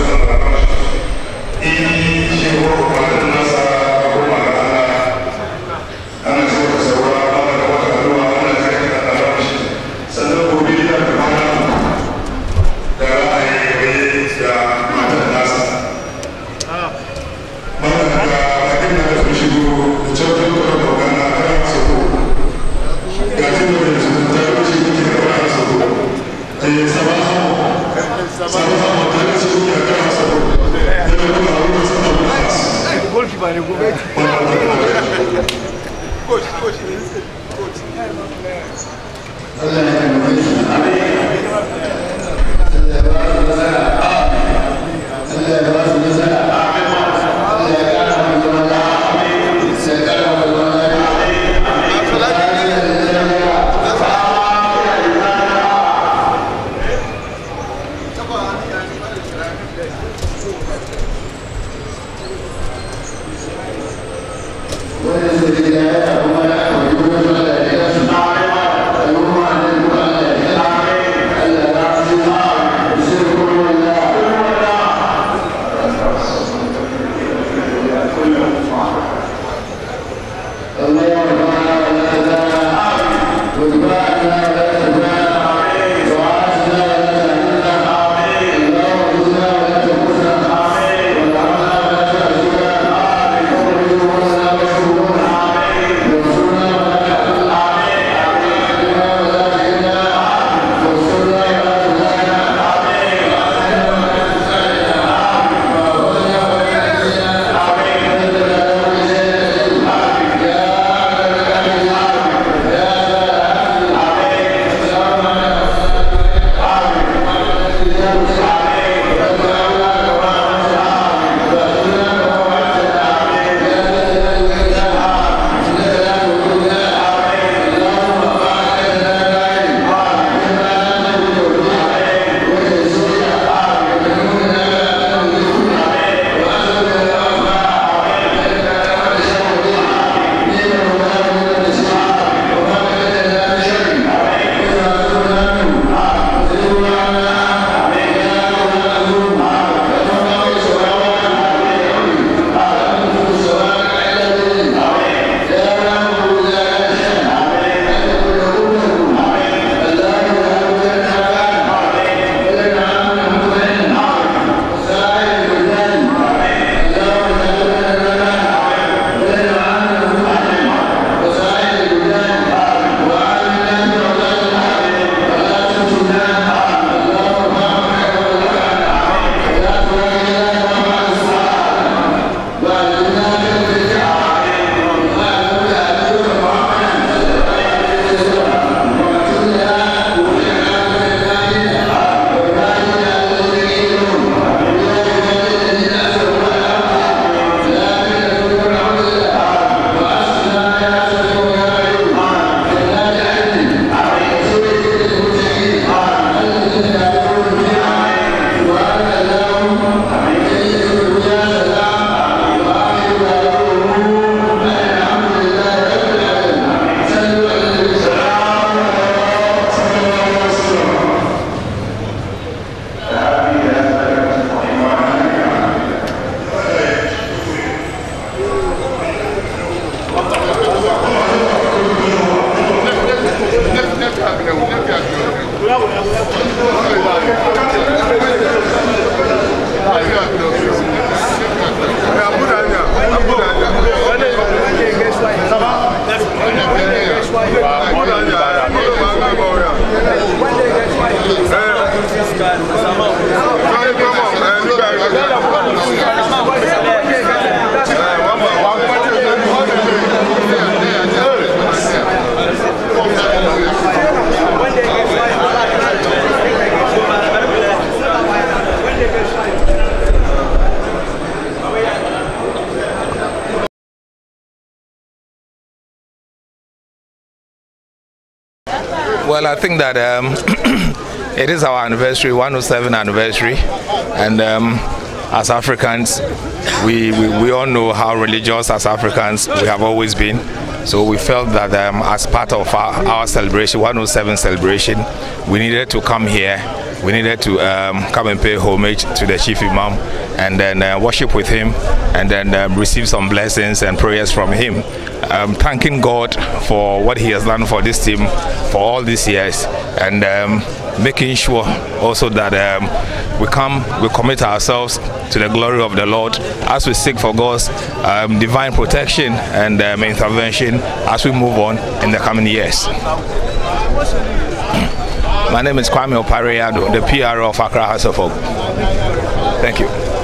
Yeah. وَلَا تَجِدَ لَهَا أَوْمَلَا وَيُوَلَّ Hey, Well, I think that um, it is our anniversary, 107 anniversary, and um, as Africans, we, we, we, all know how religious as Africans we have always been. So we felt that um, as part of our, our, celebration, 107 celebration, we needed to come here. We needed to um, come and pay homage to the Chief Imam and then uh, worship with him and then um, receive some blessings and prayers from him. Um, thanking God for what he has done for this team for all these years and um, making sure also that um, we come, we commit ourselves to the glory of the Lord as we seek for God's um, divine protection and um, intervention as we move on in the coming years. My name is Kwame Opariado, the PR of Accra House of Hope. Thank you.